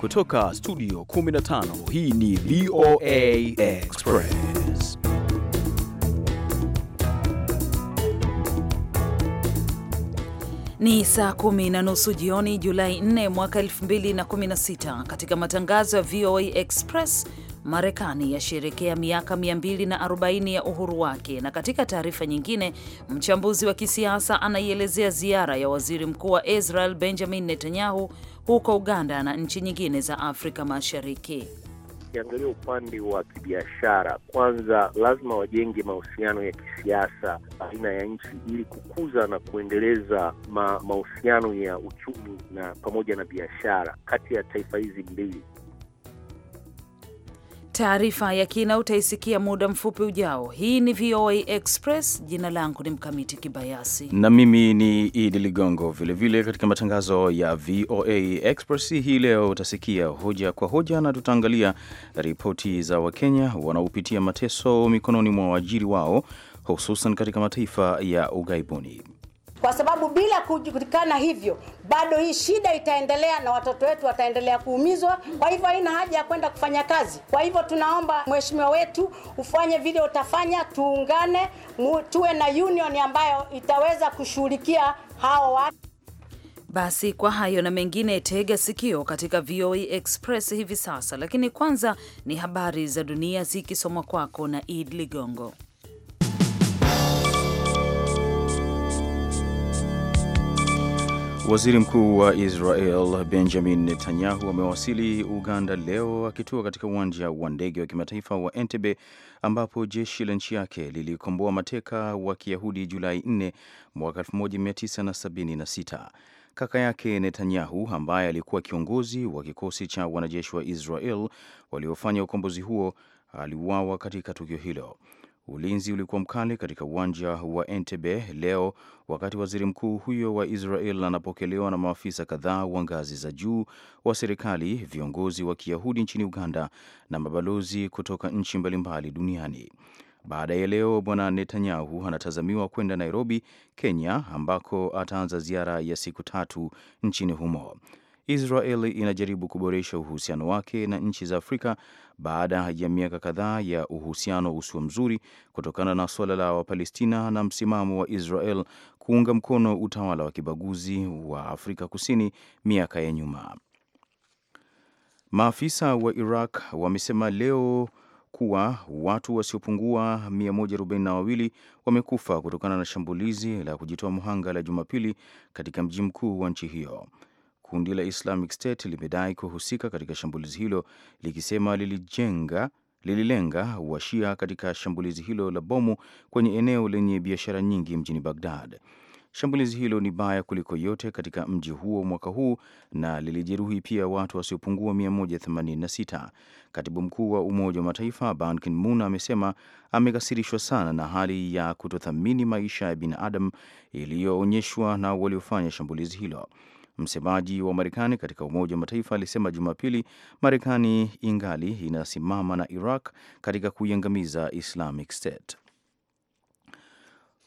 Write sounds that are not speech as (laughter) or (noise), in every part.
Kutoka studio 15 hii ni VOA Express. Ni saa kumi na nusu jioni Julai 4 mwaka 2016. Katika matangazo ya VOA Express, Marekani yasherekea miaka 240 ya uhuru wake. Na katika taarifa nyingine, mchambuzi wa kisiasa anaielezea ziara ya waziri mkuu wa Israel Benjamin Netanyahu huko Uganda na nchi nyingine za Afrika Mashariki. Ukiangalia upande wa kibiashara, kwanza lazima wajenge mahusiano ya kisiasa baina ya nchi ili kukuza na kuendeleza mahusiano ya uchumi na pamoja na biashara kati ya taifa hizi mbili. Taarifa ya kina utaisikia muda mfupi ujao. Hii ni VOA Express. Jina langu ni Mkamiti Kibayasi na mimi ni Idi Ligongo. Vilevile katika matangazo ya VOA Express hii leo utasikia hoja kwa hoja, na tutaangalia ripoti za Wakenya wanaopitia mateso mikononi mwa waajiri wao, hususan katika mataifa ya ughaibuni kwa sababu bila kujulikana hivyo bado hii shida itaendelea na watoto wetu wataendelea kuumizwa. Kwa hivyo haina haja ya kwenda kufanya kazi. Kwa hivyo tunaomba mheshimiwa wetu ufanye vile utafanya, tuungane, tuwe na union ambayo itaweza kushughulikia hawa watu. Basi kwa hayo na mengine, tega sikio katika VOA e Express hivi sasa, lakini kwanza ni habari za dunia zikisomwa kwako na Id Ligongo. Waziri Mkuu wa Israel Benjamin Netanyahu amewasili Uganda leo akitua katika uwanja wa ndege wa kimataifa wa Entebbe ambapo jeshi la nchi yake lilikomboa mateka wa Kiyahudi Julai 4 mwaka 1976. Kaka yake Netanyahu ambaye alikuwa kiongozi wa kikosi cha wanajeshi wa Israel waliofanya ukombozi huo aliuawa katika tukio hilo. Ulinzi ulikuwa mkali katika uwanja wa Entebbe leo wakati waziri mkuu huyo wa Israel anapokelewa na maafisa kadhaa wa ngazi za juu wa serikali, viongozi wa Kiyahudi nchini Uganda na mabalozi kutoka nchi mbalimbali duniani. Baada ya leo, bwana Netanyahu anatazamiwa kwenda Nairobi, Kenya, ambako ataanza ziara ya siku tatu nchini humo israel inajaribu kuboresha uhusiano wake na nchi za Afrika baada ya miaka kadhaa ya uhusiano usio mzuri kutokana na suala la Wapalestina na msimamo wa Israel kuunga mkono utawala wa kibaguzi wa Afrika Kusini miaka ya nyuma. Maafisa wa Iraq wamesema leo kuwa watu wasiopungua 142 wamekufa kutokana na shambulizi la kujitoa mhanga la Jumapili katika mji mkuu wa nchi hiyo. Kundi la Islamic State limedai kuhusika katika shambulizi hilo likisema lilijenga lililenga washia katika shambulizi hilo la bomu kwenye eneo lenye biashara nyingi mjini Bagdad. Shambulizi hilo ni baya kuliko yote katika mji huo mwaka huu na lilijeruhi pia watu wasiopungua 186. Katibu mkuu wa Umoja wa Mataifa Ban Ki-moon amesema amekasirishwa sana na hali ya kutothamini maisha ya binadamu iliyoonyeshwa na waliofanya shambulizi hilo. Msemaji wa Marekani katika Umoja wa Mataifa alisema Jumapili Marekani ingali inasimama na Iraq katika kuiangamiza Islamic State.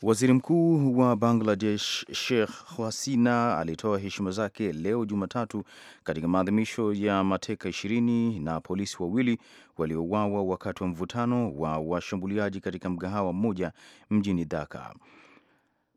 Waziri Mkuu wa Bangladesh Sheikh Hasina alitoa heshima zake leo Jumatatu katika maadhimisho ya mateka ishirini na polisi wawili waliouawa wakati wa mvutano wa washambuliaji katika mgahawa mmoja mjini Dhaka.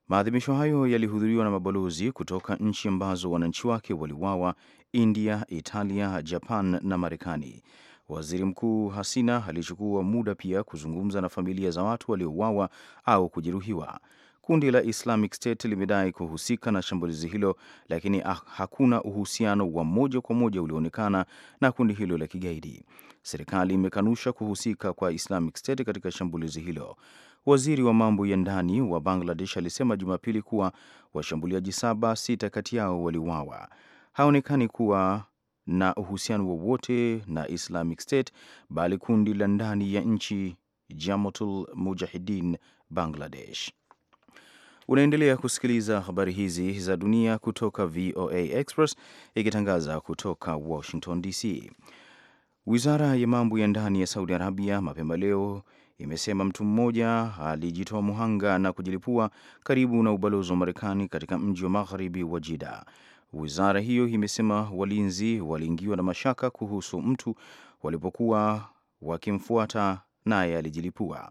Maadhimisho hayo yalihudhuriwa na mabalozi kutoka nchi ambazo wananchi wake waliwawa: India, Italia, Japan na Marekani. Waziri Mkuu Hasina alichukua muda pia kuzungumza na familia za watu waliouawa au kujeruhiwa. Kundi la Islamic State limedai kuhusika na shambulizi hilo, lakini ah, hakuna uhusiano wa moja kwa moja ulioonekana na kundi hilo la kigaidi. Serikali imekanusha kuhusika kwa Islamic State katika shambulizi hilo. Waziri wa mambo ya ndani wa Bangladesh alisema Jumapili kuwa washambuliaji saba, sita kati yao waliuawa. Haonekani kuwa na uhusiano wowote na Islamic State bali kundi la ndani ya nchi Jamatul Mujahidin Bangladesh. Unaendelea kusikiliza habari hizi za dunia kutoka VOA Express ikitangaza kutoka Washington DC. Wizara ya mambo ya ndani ya Saudi Arabia mapema leo imesema mtu mmoja alijitoa muhanga na kujilipua karibu na ubalozi wa Marekani katika mji wa magharibi wa Jida. Wizara hiyo imesema walinzi waliingiwa na mashaka kuhusu mtu walipokuwa wakimfuata, naye alijilipua.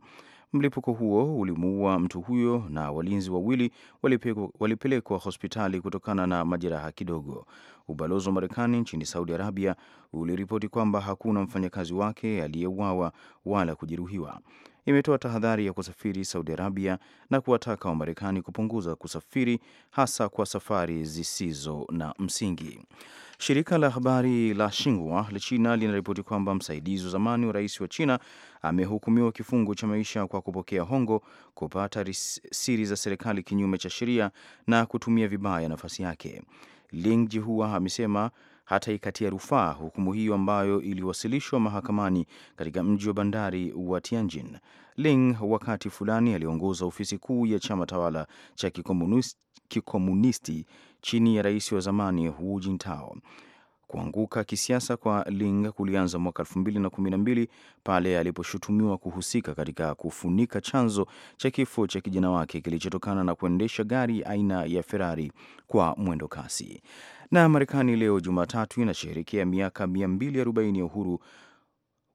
Mlipuko huo ulimuua mtu huyo na walinzi wawili walipelekwa hospitali kutokana na majeraha kidogo. Ubalozi wa Marekani nchini Saudi Arabia uliripoti kwamba hakuna mfanyakazi wake aliyeuawa wala kujeruhiwa. Imetoa tahadhari ya kusafiri Saudi Arabia na kuwataka Wamarekani kupunguza kusafiri hasa kwa safari zisizo na msingi. Shirika la habari la Xinhua la China linaripoti kwamba msaidizi wa zamani wa rais wa China amehukumiwa kifungo cha maisha kwa kupokea hongo, kupata siri za serikali kinyume cha sheria na kutumia vibaya nafasi yake. Ling Jihua amesema hata ikatia rufaa hukumu hiyo ambayo iliwasilishwa mahakamani katika mji wa bandari wa Tianjin. Ling wakati fulani aliongoza ofisi kuu ya chama tawala cha kikomunisti chini ya rais wa zamani Hu Jintao. Kuanguka kisiasa kwa Ling kulianza mwaka 2012 pale aliposhutumiwa kuhusika katika kufunika chanzo cha kifo cha kijana wake kilichotokana na kuendesha gari aina ya Ferrari kwa mwendo kasi. Na Marekani leo Jumatatu inasherehekea miaka 240 ya uhuru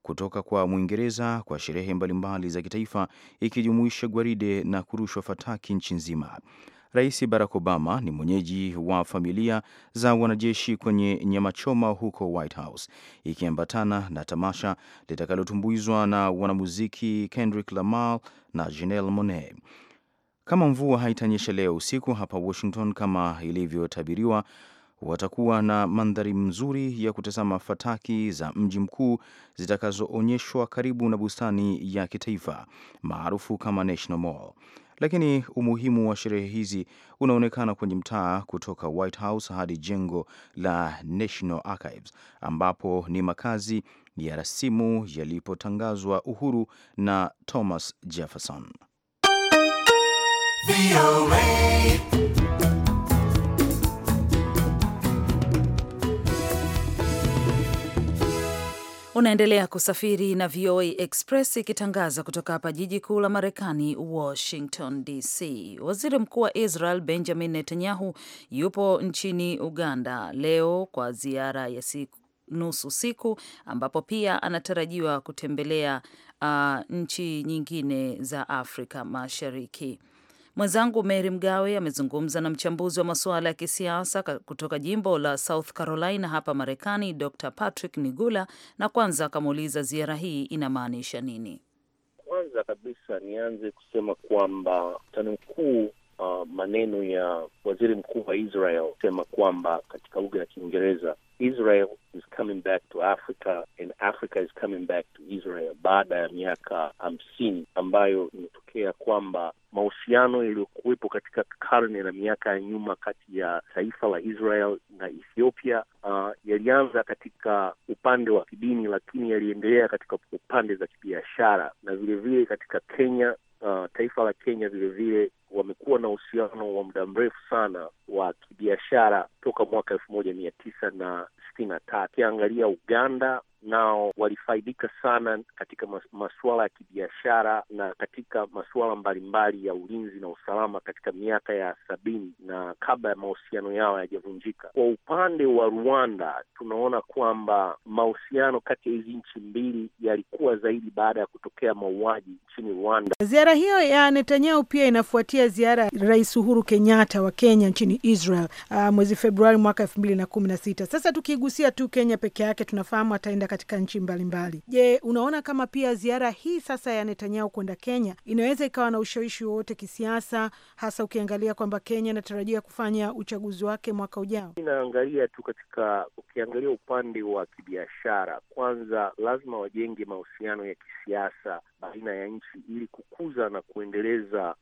kutoka kwa Mwingereza kwa sherehe mbalimbali za kitaifa ikijumuisha gwaride na kurushwa fataki nchi nzima. Rais Barack Obama ni mwenyeji wa familia za wanajeshi kwenye nyamachoma huko White House, ikiambatana na tamasha litakalotumbuizwa na wanamuziki Kendrick Lamar na Janelle Monae. Kama mvua haitanyesha leo usiku hapa Washington kama ilivyotabiriwa, watakuwa na mandhari mzuri ya kutazama fataki za mji mkuu zitakazoonyeshwa karibu na bustani ya kitaifa maarufu kama National Mall lakini umuhimu wa sherehe hizi unaonekana kwenye mtaa kutoka White House hadi jengo la National Archives ambapo ni makazi ya rasimu yalipotangazwa uhuru na Thomas Jefferson. Unaendelea kusafiri na VOA Express ikitangaza kutoka hapa jiji kuu la Marekani, Washington DC. Waziri Mkuu wa Israel Benjamin Netanyahu yupo nchini Uganda leo kwa ziara ya siku nusu siku ambapo pia anatarajiwa kutembelea uh, nchi nyingine za Afrika Mashariki. Mwenzangu Mary Mgawe amezungumza na mchambuzi wa masuala ya kisiasa kutoka jimbo la South Carolina hapa Marekani, Dr Patrick Nigula, na kwanza akamuuliza ziara hii inamaanisha nini. Kwanza kabisa nianze kusema kwamba mkutano mkuu Uh, maneno ya waziri mkuu wa Israel kusema kwamba katika lugha ya Kiingereza Israel is coming back to Africa and Africa is coming back to Israel baada ya miaka hamsini ambayo imetokea kwamba mahusiano yaliyokuwepo katika karne na miaka ya nyuma kati ya taifa la Israel na Ethiopia uh, yalianza katika upande wa kidini, lakini yaliendelea katika upande za kibiashara na vilevile katika Kenya. Uh, taifa la Kenya vilevile wamekuwa na uhusiano wa muda mrefu sana wa kibiashara toka mwaka elfu moja mia tisa na sitini na tatu. Ukiangalia Uganda nao walifaidika sana katika masuala ya kibiashara na katika masuala mbalimbali ya ulinzi na usalama katika miaka ya sabini na kabla ya mahusiano yao hayajavunjika. Kwa upande wa Rwanda, tunaona kwamba mahusiano kati ya hizi nchi mbili yalikuwa zaidi baada ya kutokea mauaji nchini Rwanda. Ziara hiyo ya Netanyahu pia inafuatia ziara ya Rais Uhuru Kenyatta wa Kenya nchini Israel uh, mwezi Februari Februari mwaka elfu mbili na kumi na sita. Sasa tukigusia tu Kenya peke yake, tunafahamu ataenda katika nchi mbalimbali. Je, unaona kama pia ziara hii sasa ya Netanyahu kwenda Kenya inaweza ikawa na ushawishi wowote kisiasa, hasa ukiangalia kwamba Kenya inatarajia kufanya uchaguzi wake mwaka ujao? Inaangalia tu katika, ukiangalia upande wa kibiashara kwanza, lazima wajenge mahusiano ya kisiasa baina ya nchi ili kukuza na kuendeleza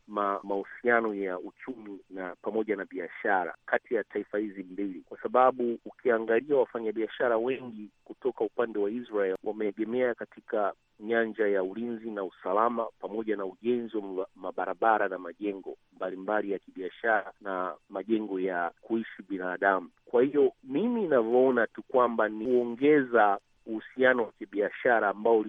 mahusiano ya uchumi na pamoja na biashara kati ya taifa hizi mbili, kwa sababu ukiangalia wafanyabiashara wengi kutoka upande wa Israel wameegemea katika nyanja ya ulinzi na usalama pamoja na ujenzi wa mabarabara na majengo mbalimbali ya kibiashara na majengo ya kuishi binadamu. Kwa hiyo mimi inavyoona tu kwamba ni kuongeza uhusiano wa kibiashara ambao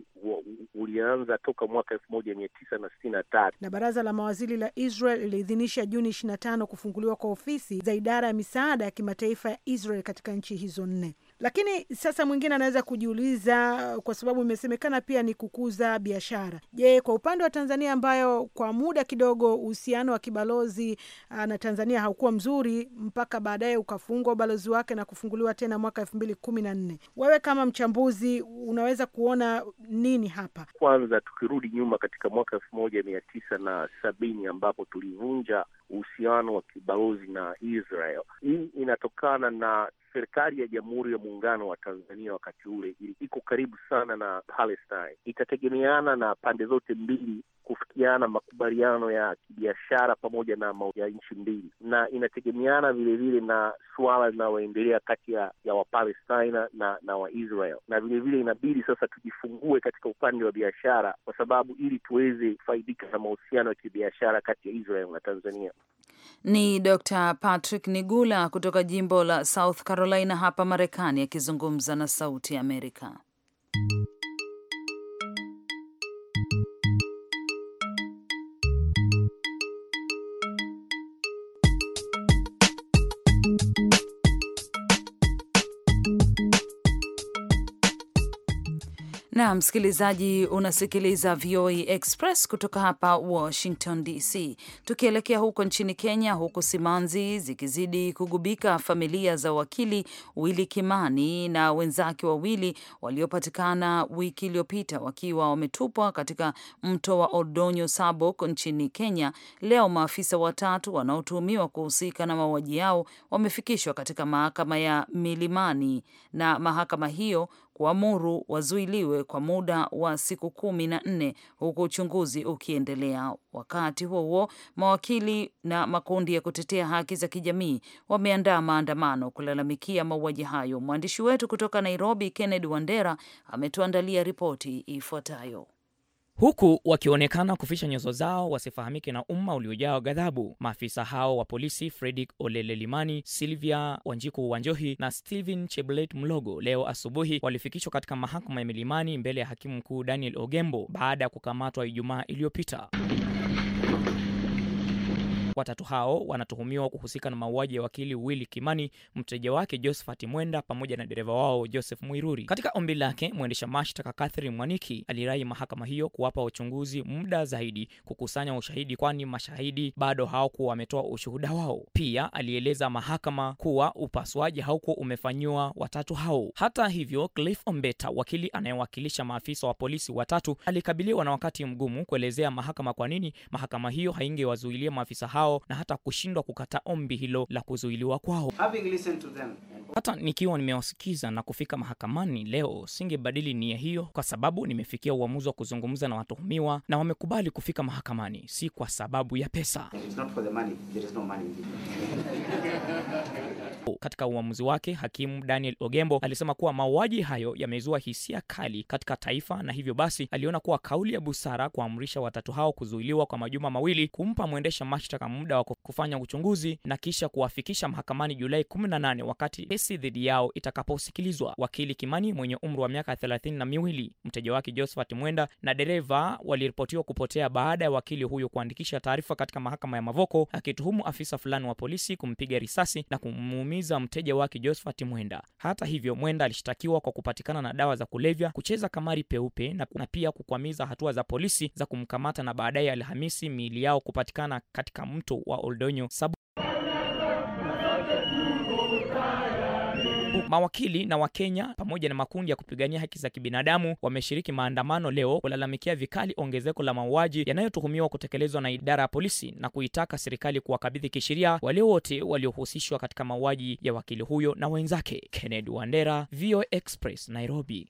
ulianza toka mwaka elfu moja mia tisa na sitini na tatu na baraza la mawaziri la Israel liliidhinisha Juni ishirini na tano kufunguliwa kwa ofisi za idara ya misaada ya kimataifa ya Israel katika nchi hizo nne. Lakini sasa mwingine anaweza kujiuliza, kwa sababu imesemekana pia ni kukuza biashara. Je, kwa upande wa Tanzania ambayo kwa muda kidogo uhusiano wa kibalozi ah, na Tanzania haukuwa mzuri mpaka baadaye ukafungwa ubalozi wake na kufunguliwa tena mwaka elfu mbili kumi na nne, wewe kama mchambuzi unaweza kuona nini hapa? Kwanza tukirudi nyuma katika mwaka elfu moja mia tisa na sabini ambapo tulivunja uhusiano wa kibalozi na Israel. Hii inatokana na serikali ya Jamhuri ya Muungano wa Tanzania wakati ule iko karibu sana na Palestine, itategemeana na pande zote mbili kufikiana makubaliano ya kibiashara pamoja na ya nchi mbili, na inategemeana vilevile na suala linaloendelea kati ya, ya Wapalestina na na Waisrael, na vilevile inabidi sasa tujifungue katika upande wa biashara, kwa sababu ili tuweze kufaidika na mahusiano ya kibiashara kati ya Israel na Tanzania. Ni Dr. Patrick Nigula kutoka jimbo la South Carolina hapa Marekani akizungumza na Sauti ya Amerika. Na msikilizaji, unasikiliza VOA e Express kutoka hapa Washington DC. Tukielekea huko nchini Kenya, huku simanzi zikizidi kugubika familia za wakili Willy Kimani na wenzake wawili waliopatikana wiki iliyopita wakiwa wametupwa katika mto wa Oldonyo Sabok nchini Kenya, leo maafisa watatu wanaotuhumiwa kuhusika na mauaji yao wamefikishwa katika mahakama ya Milimani na mahakama hiyo kuamuru wazuiliwe kwa muda wa siku kumi na nne huku uchunguzi ukiendelea. Wakati huo huo, mawakili na makundi ya kutetea haki za kijamii wameandaa maandamano kulalamikia mauaji hayo. Mwandishi wetu kutoka Nairobi, Kennedy Wandera, ametuandalia ripoti ifuatayo huku wakionekana kufisha nyozo zao wasifahamike na umma uliojaa ghadhabu. Maafisa hao wa polisi fredrik Olelelimani, Silvia Wanjiku Wanjohi na Stephen Cheblet Mlogo leo asubuhi walifikishwa katika mahakama ya Milimani mbele ya hakimu mkuu Daniel Ogembo baada ya kukamatwa Ijumaa iliyopita. Watatu hao wanatuhumiwa kuhusika na mauaji ya wakili Willy Kimani, mteja wake Josephat Mwenda pamoja na dereva wao Joseph Mwiruri. Katika ombi lake, mwendesha mashtaka Catherine Mwaniki alirai mahakama hiyo kuwapa uchunguzi muda zaidi kukusanya ushahidi, kwani mashahidi bado hawakuwa wametoa ushuhuda wao. Pia alieleza mahakama kuwa upasuaji haukuwa umefanyiwa watatu hao. Hata hivyo, Cliff Ombeta, wakili anayewakilisha maafisa wa polisi watatu, alikabiliwa na wakati mgumu kuelezea mahakama kwa nini mahakama hiyo haingewazuilia maafisa hao wao na hata kushindwa kukata ombi hilo la kuzuiliwa kwao. Hata nikiwa nimewasikiza na kufika mahakamani leo, singebadili nia hiyo, kwa sababu nimefikia uamuzi wa kuzungumza na watuhumiwa na wamekubali kufika mahakamani, si kwa sababu ya pesa. (laughs) Katika uamuzi wake, hakimu Daniel Ogembo alisema kuwa mauaji hayo yamezua hisia kali katika taifa, na hivyo basi aliona kuwa kauli ya busara kuamrisha watatu hao kuzuiliwa kwa majuma mawili, kumpa mwendesha mashtaka muda wa kufanya uchunguzi na kisha kuwafikisha mahakamani Julai 18 wakati kesi dhidi yao itakaposikilizwa. Wakili Kimani mwenye umri wa miaka thelathini na miwili, mteja wake Josephat Mwenda na dereva waliripotiwa kupotea baada ya wakili huyo kuandikisha taarifa katika mahakama ya Mavoko akituhumu afisa fulani wa polisi kumpiga risasi na kumuumiza mteja wake Josephat Mwenda. Hata hivyo, Mwenda alishtakiwa kwa kupatikana na dawa za kulevya, kucheza kamari peupe na pia kukwamiza hatua za polisi za kumkamata na baadaye Alhamisi miili yao kupatikana katika mtu mto wa Oldonyo sabu Mawakili na Wakenya pamoja na makundi ya kupigania haki za kibinadamu wameshiriki maandamano leo kulalamikia vikali ongezeko la mauaji yanayotuhumiwa kutekelezwa na idara ya polisi na kuitaka serikali kuwakabidhi kisheria wale wote waliohusishwa katika mauaji ya wakili huyo na wenzake. Kennedy Wandera, VOA Express, Nairobi.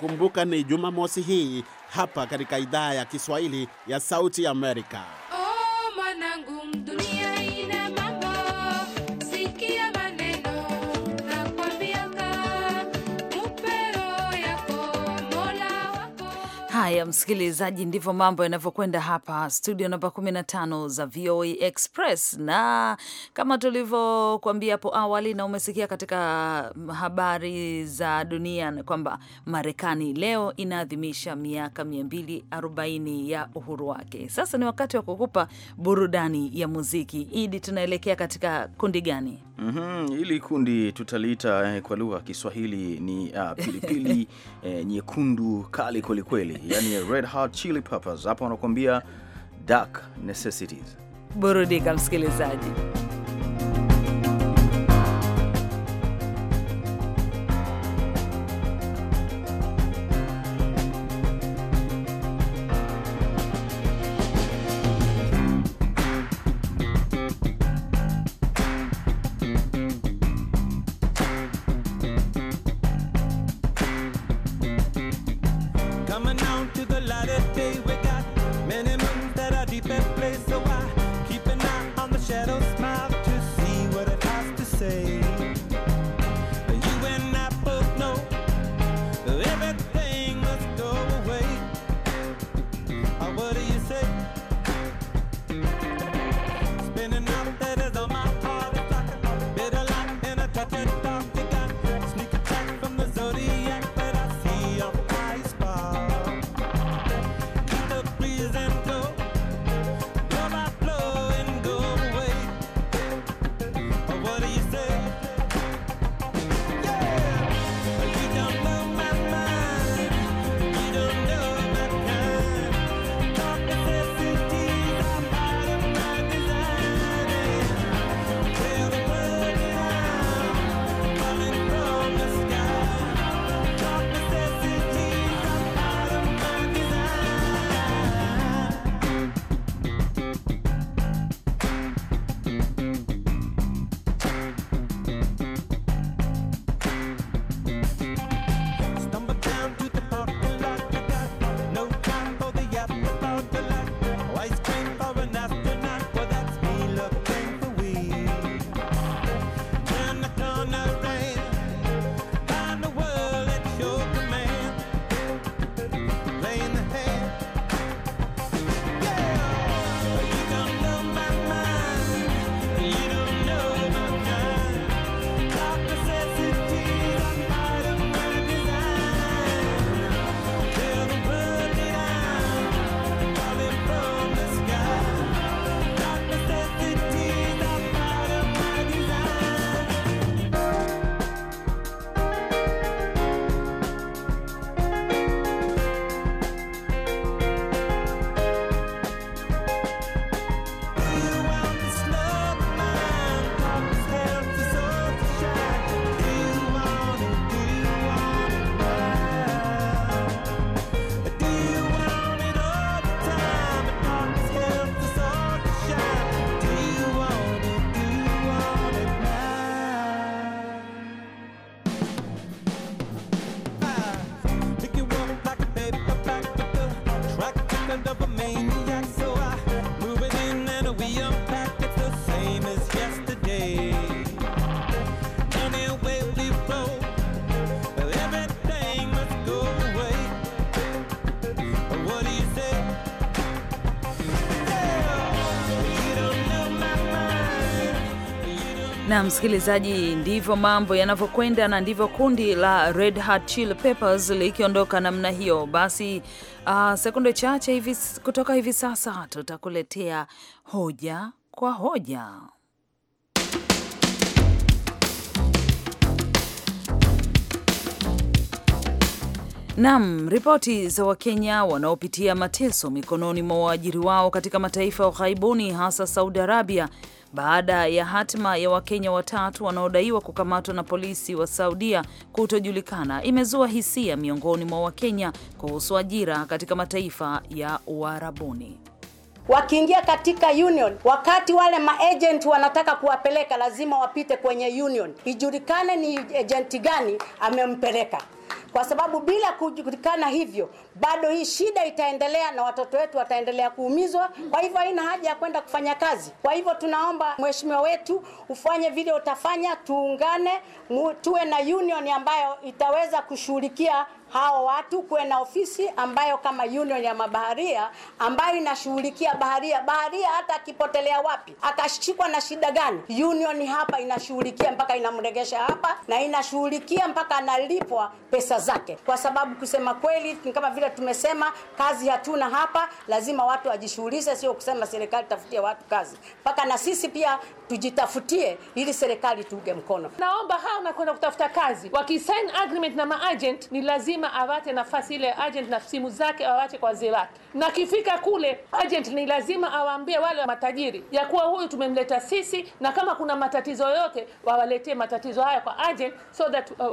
Kumbuka ni Jumamosi hii hapa katika idhaa ya Kiswahili ya Sauti Amerika. Haya, msikilizaji, ndivyo mambo yanavyokwenda hapa studio namba 15 za VOA e Express, na kama tulivyokuambia hapo awali na umesikia katika habari za dunia kwamba Marekani leo inaadhimisha miaka 240 ya uhuru wake. Sasa ni wakati wa kukupa burudani ya muziki. Idi, tunaelekea katika kundi gani? mm -hmm, ili kundi tutaliita eh, kwa lugha ya Kiswahili ni uh, pilipili (laughs) eh, nyekundu kali kwelikweli yani, ya Red Hot Chili Peppers, hapo wanakuambia Dark Necessities. Burudika msikilizaji. Na msikilizaji, ndivyo mambo yanavyokwenda na ndivyo kundi la Red Hot Chili Peppers likiondoka namna hiyo. Basi uh, sekunde chache hivi kutoka hivi sasa tutakuletea hoja kwa hoja. Nam, ripoti za Wakenya wanaopitia mateso mikononi mwa waajiri wao katika mataifa ya ughaibuni hasa Saudi Arabia baada ya hatima ya Wakenya watatu wanaodaiwa kukamatwa na polisi wa Saudia kutojulikana imezua hisia miongoni mwa Wakenya kuhusu ajira katika mataifa ya Uarabuni wakiingia katika union, wakati wale maagent wanataka kuwapeleka lazima wapite kwenye union, ijulikane ni agent gani amempeleka kwa sababu bila kujulikana hivyo bado hii shida itaendelea na watoto wetu wataendelea kuumizwa. Kwa hivyo haina haja ya kwenda kufanya kazi. Kwa hivyo tunaomba mheshimiwa wetu ufanye vile utafanya, tuungane, tuwe na union ambayo itaweza kushughulikia hao watu kuwe na ofisi ambayo kama union ya mabaharia ambayo inashughulikia baharia baharia, hata akipotelea wapi, akashikwa na shida gani, union hapa inashughulikia mpaka inamregesha hapa na inashughulikia mpaka analipwa pesa zake, kwa sababu kusema kweli kama vile tumesema, kazi hatuna hapa. Lazima watu wajishughulishe, sio kusema serikali tafutie watu kazi, mpaka na sisi pia tujitafutie ili serikali tuuge mkono. Naomba hao nakwenda kutafuta kazi wakisign agreement na maagent ni lazima lazima awate nafasi ile agent na simu zake awache kwa wazee wake, na kifika kule agent ni lazima awaambie wale wa matajiri ya kuwa huyu tumemleta sisi, na kama kuna matatizo yote wawaletee matatizo haya kwa agent, so that uh,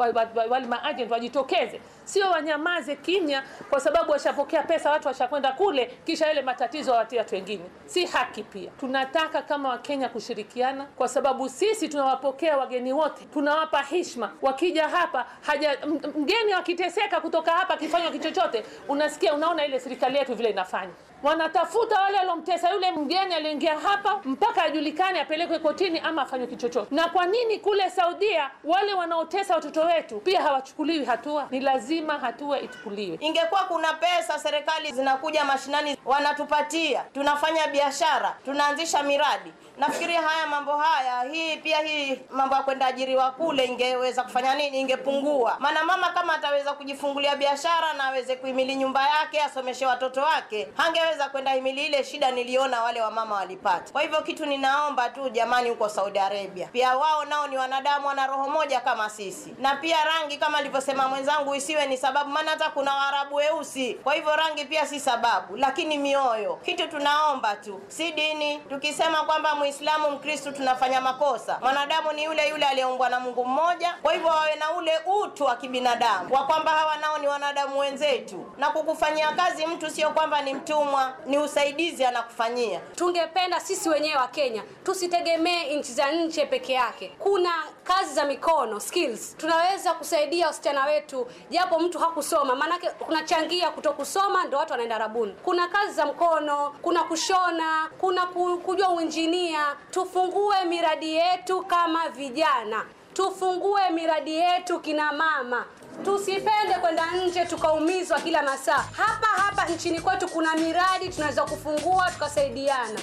wale maagent wajitokeze, sio wanyamaze kimya, kwa sababu washapokea pesa, watu washakwenda kule, kisha ile matatizo awatie watu wengine. Si haki. Pia tunataka kama Wakenya kushirikiana, kwa sababu sisi tunawapokea wageni wote, tunawapa heshima. Wakija hapa haja mgeni wakiteseka kutoka hapa kifanywa kichochote, unasikia unaona ile serikali yetu vile inafanya wanatafuta wale waliomtesa yule mgeni alioingia hapa, mpaka ajulikane, apelekwe kotini ama afanywe kichochote. Na kwa nini kule Saudia wale wanaotesa watoto wetu pia hawachukuliwi hatua? Ni lazima hatua ichukuliwe. Ingekuwa kuna pesa, serikali zinakuja mashinani, wanatupatia, tunafanya biashara, tunaanzisha miradi. Nafikiri haya mambo haya, hii pia hii mambo ya kwenda ajiriwa kule, ingeweza kufanya nini? Ingepungua. Maana mama kama ataweza kujifungulia biashara na aweze kuimili nyumba yake, asomeshe watoto wake, hangeweza singeweza kwenda himili ile shida niliona wale wamama walipata. Kwa hivyo kitu ninaomba tu jamani, huko Saudi Arabia pia wao nao ni wanadamu, wana roho moja kama sisi, na pia rangi kama alivyosema mwenzangu isiwe ni sababu, maana hata kuna Waarabu weusi. Kwa hivyo rangi pia si sababu, lakini mioyo. Kitu tunaomba tu si dini. Tukisema kwamba Muislamu, Mkristo tunafanya makosa. Mwanadamu ni yule yule aliyeumbwa na Mungu mmoja, kwa hivyo wawe na ule utu wa kibinadamu wa kwamba hawa nao ni wanadamu wenzetu, na kukufanyia kazi mtu sio kwamba ni mtumwa ni usaidizi anakufanyia. Tungependa sisi wenyewe wa Kenya tusitegemee nchi za nje peke yake. Kuna kazi za mikono skills, tunaweza kusaidia wasichana wetu, japo mtu hakusoma, maanake kunachangia kutokusoma ndio watu wanaenda rabuni. Kuna kazi za mkono, kuna kushona, kuna kujua uinjinia. Tufungue miradi yetu kama vijana, tufungue miradi yetu kina mama. Tusipende kwenda nje tukaumizwa kila masaa. Hapa hapa nchini kwetu kuna miradi tunaweza kufungua tukasaidiana.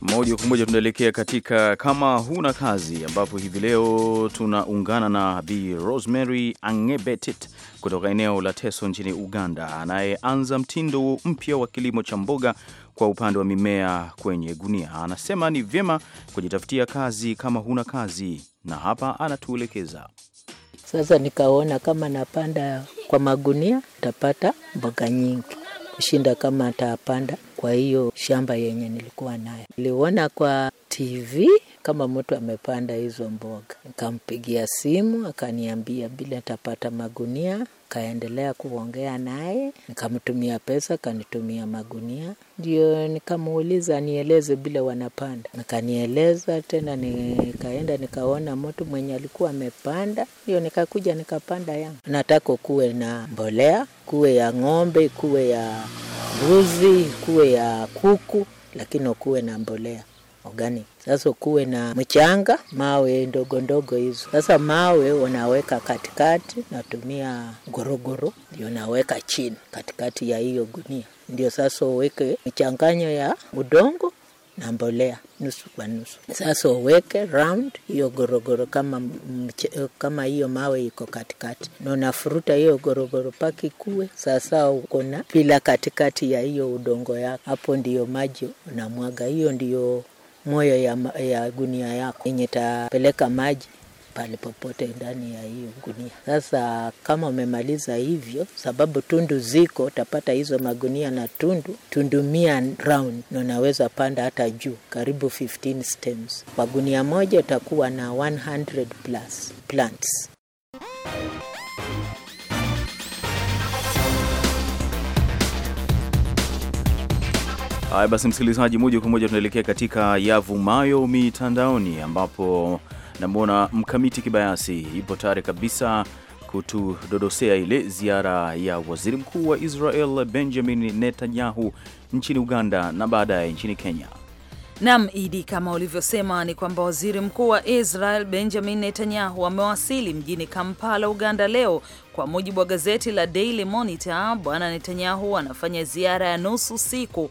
Moja kwa moja tunaelekea katika kama huna kazi, ambapo hivi leo tunaungana na Bi Rosemary Angebetit kutoka eneo la Teso nchini Uganda, anayeanza mtindo mpya wa kilimo cha mboga kwa upande wa mimea kwenye gunia. Anasema ni vyema kujitafutia kazi kama huna kazi, na hapa anatuelekeza. Sasa nikaona kama napanda kwa magunia tapata mboga nyingi kushinda kama atapanda kwa hiyo shamba yenye nilikuwa nayo. Niliona kwa TV kama mtu amepanda hizo mboga. Nikampigia simu akaniambia bila atapata magunia, kaendelea kuongea naye, nikamtumia pesa, kanitumia magunia, ndio nikamuuliza nieleze bila wanapanda, nikanieleza tena. Nikaenda nikaona mtu mwenye alikuwa amepanda, ndio nikakuja nikapanda yangu. Nataka kuwe na mbolea, kuwe ya ng'ombe, kuwe ya mbuzi, kuwe ya kuku, lakini ukuwe na mbolea organic. Sasa kuwe na mchanga, mawe ndogo ndogo hizo. Sasa mawe unaweka katikati, natumia gorogoro ndio naweka chini katikati ya hiyo gunia, ndio sasa uweke michanganyo ya udongo na mbolea nusu kwa nusu. Sasa uweke round hiyo gorogoro kama mche, kama hiyo mawe iko katikati, na unafuruta hiyo gorogoro paki kuwe sasa uko na pila katikati ya hiyo udongo yako, hapo ndiyo maji unamwaga. Hiyo ndiyo moyo ya, ya gunia yako yenye tapeleka maji pale popote ndani ya hiyo gunia. Sasa kama umemaliza hivyo, sababu tundu ziko, utapata hizo magunia na tundu tundu mia round, na unaweza panda hata juu karibu 15 stems kwa gunia moja, utakuwa na 100 plus plants. Haya basi, msikilizaji, moja kwa moja tunaelekea katika yavumayo mitandaoni, ambapo namwona mkamiti kibayasi ipo tayari kabisa kutudodosea ile ziara ya waziri mkuu wa Israel Benjamin Netanyahu nchini Uganda na baadaye nchini Kenya. Nam Idi, kama ulivyosema ni kwamba waziri mkuu wa Israel Benjamin Netanyahu amewasili mjini Kampala, Uganda leo. Kwa mujibu wa gazeti la Daily Monitor, bwana Netanyahu anafanya ziara ya nusu siku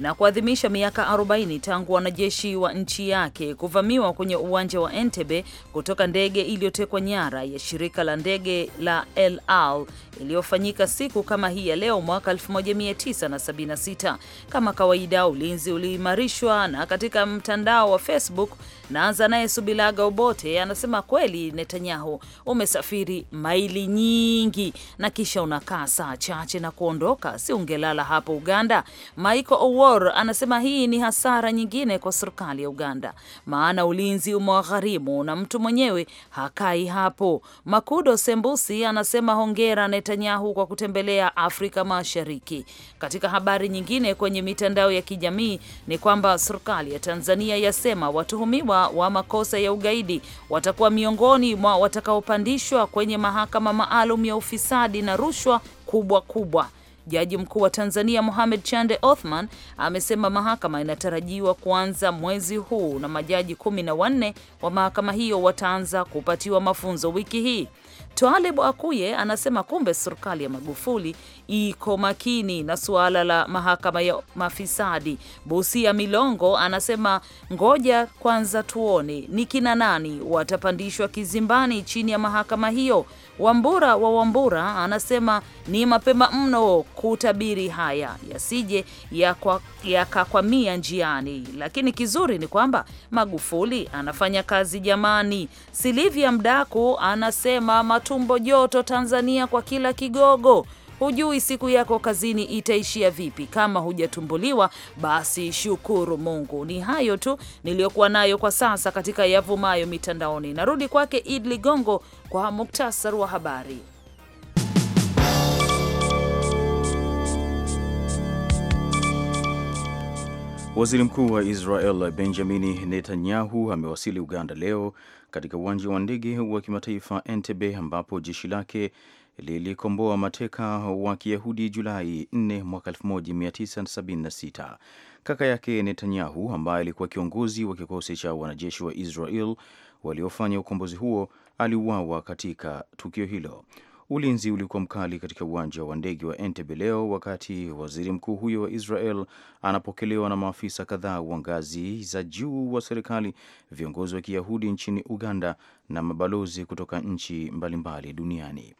na kuadhimisha miaka 40 tangu wanajeshi wa nchi yake kuvamiwa kwenye uwanja wa Entebbe kutoka ndege iliyotekwa nyara ya shirika la ndege la El Al iliyofanyika siku kama hii ya leo mwaka 1976. Kama kawaida, ulinzi uliimarishwa na katika mtandao wa Facebook naanza naye Subilaga Obote anasema kweli, Netanyahu umesafiri maili nyingi na kisha unakaa saa chache na kuondoka, si ungelala hapo Uganda? Michael Gor anasema hii ni hasara nyingine kwa serikali ya Uganda, maana ulinzi umewagharimu na mtu mwenyewe hakai hapo. Makudo Sembusi anasema hongera Netanyahu kwa kutembelea Afrika Mashariki. Katika habari nyingine kwenye mitandao ya kijamii ni kwamba serikali ya Tanzania yasema watuhumiwa wa makosa ya ugaidi watakuwa miongoni mwa watakaopandishwa kwenye mahakama maalum ya ufisadi na rushwa kubwa kubwa. Jaji mkuu wa Tanzania Mohamed Chande Othman amesema mahakama inatarajiwa kuanza mwezi huu na majaji kumi na wanne wa mahakama hiyo wataanza kupatiwa mafunzo wiki hii. Twalib Akuye anasema kumbe serikali ya Magufuli iko makini na suala la mahakama ya mafisadi. Busia Milongo anasema ngoja kwanza tuone ni kina nani watapandishwa kizimbani chini ya mahakama hiyo. Wambura wa Wambura anasema ni mapema mno kutabiri haya yasije yakakwamia ya njiani, lakini kizuri ni kwamba Magufuli anafanya kazi jamani. Silivia Mdaku anasema matu tumbo joto Tanzania kwa kila kigogo. Hujui siku yako kazini itaishia vipi. Kama hujatumbuliwa basi shukuru Mungu. Ni hayo tu niliyokuwa nayo kwa sasa katika yavumayo mitandaoni. Narudi kwake Id Ligongo kwa muktasari wa habari. Waziri Mkuu wa Israel Benjamini Netanyahu amewasili Uganda leo katika uwanja wa ndege wa kimataifa Entebbe ambapo jeshi lake lilikomboa mateka wa Kiyahudi Julai 4 mwaka 1976. Kaka yake Netanyahu ambaye alikuwa kiongozi wa kikosi cha wanajeshi wa Israel waliofanya ukombozi huo aliuawa katika tukio hilo. Ulinzi ulikuwa mkali katika uwanja wa ndege wa Entebbe leo wakati waziri mkuu huyo wa Israel anapokelewa na maafisa kadhaa wa ngazi za juu wa serikali, viongozi wa Kiyahudi nchini Uganda na mabalozi kutoka nchi mbalimbali duniani.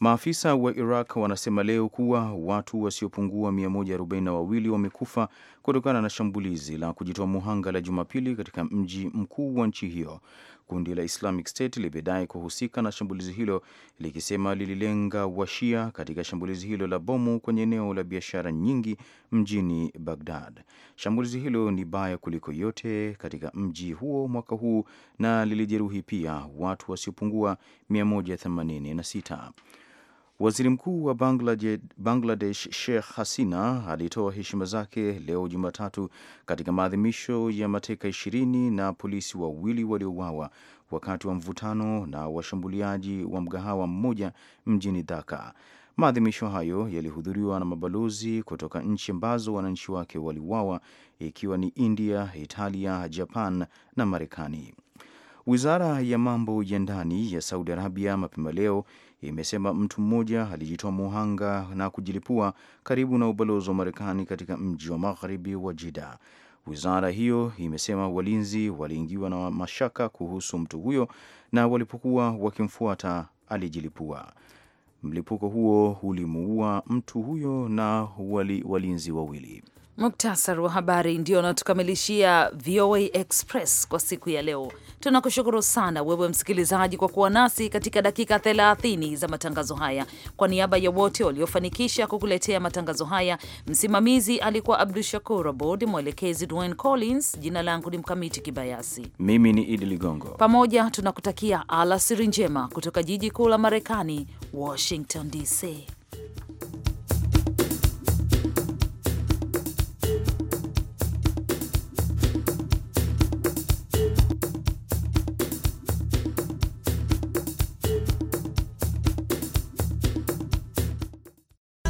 Maafisa wa Iraq wanasema leo kuwa watu wasiopungua 142 wamekufa kutokana na shambulizi la kujitoa muhanga la Jumapili katika mji mkuu wa nchi hiyo. Kundi la Islamic State limedai kuhusika na shambulizi hilo likisema lililenga washia katika shambulizi hilo la bomu kwenye eneo la biashara nyingi mjini Baghdad. Shambulizi hilo ni baya kuliko yote katika mji huo mwaka huu na lilijeruhi pia watu wasiopungua 186. Waziri Mkuu wa Bangladesh Sheikh Hasina alitoa heshima zake leo Jumatatu katika maadhimisho ya mateka ishirini na polisi wawili waliouawa wakati wa mvutano na washambuliaji wa mgahawa mmoja mjini Dhaka. Maadhimisho hayo yalihudhuriwa na mabalozi kutoka nchi ambazo wananchi wake waliuawa ikiwa ni India, Italia, Japan na Marekani. Wizara ya mambo ya ndani ya Saudi Arabia mapema leo imesema mtu mmoja alijitoa muhanga na kujilipua karibu na ubalozi wa Marekani katika mji wa magharibi wa Jida. Wizara hiyo imesema walinzi waliingiwa na mashaka kuhusu mtu huyo na walipokuwa wakimfuata alijilipua. Mlipuko huo ulimuua mtu huyo na wali, walinzi wawili. Muktasari wa habari ndio unatukamilishia VOA Express kwa siku ya leo. Tunakushukuru sana wewe msikilizaji kwa kuwa nasi katika dakika 30 za matangazo haya. Kwa niaba ya wote waliofanikisha kukuletea matangazo haya, msimamizi alikuwa Abdu Shakur Abod, mwelekezi Dwayne Collins, jina langu ni Mkamiti Kibayasi, mimi ni Idi Ligongo. Pamoja tunakutakia alasiri njema kutoka jiji kuu la Marekani, Washington DC.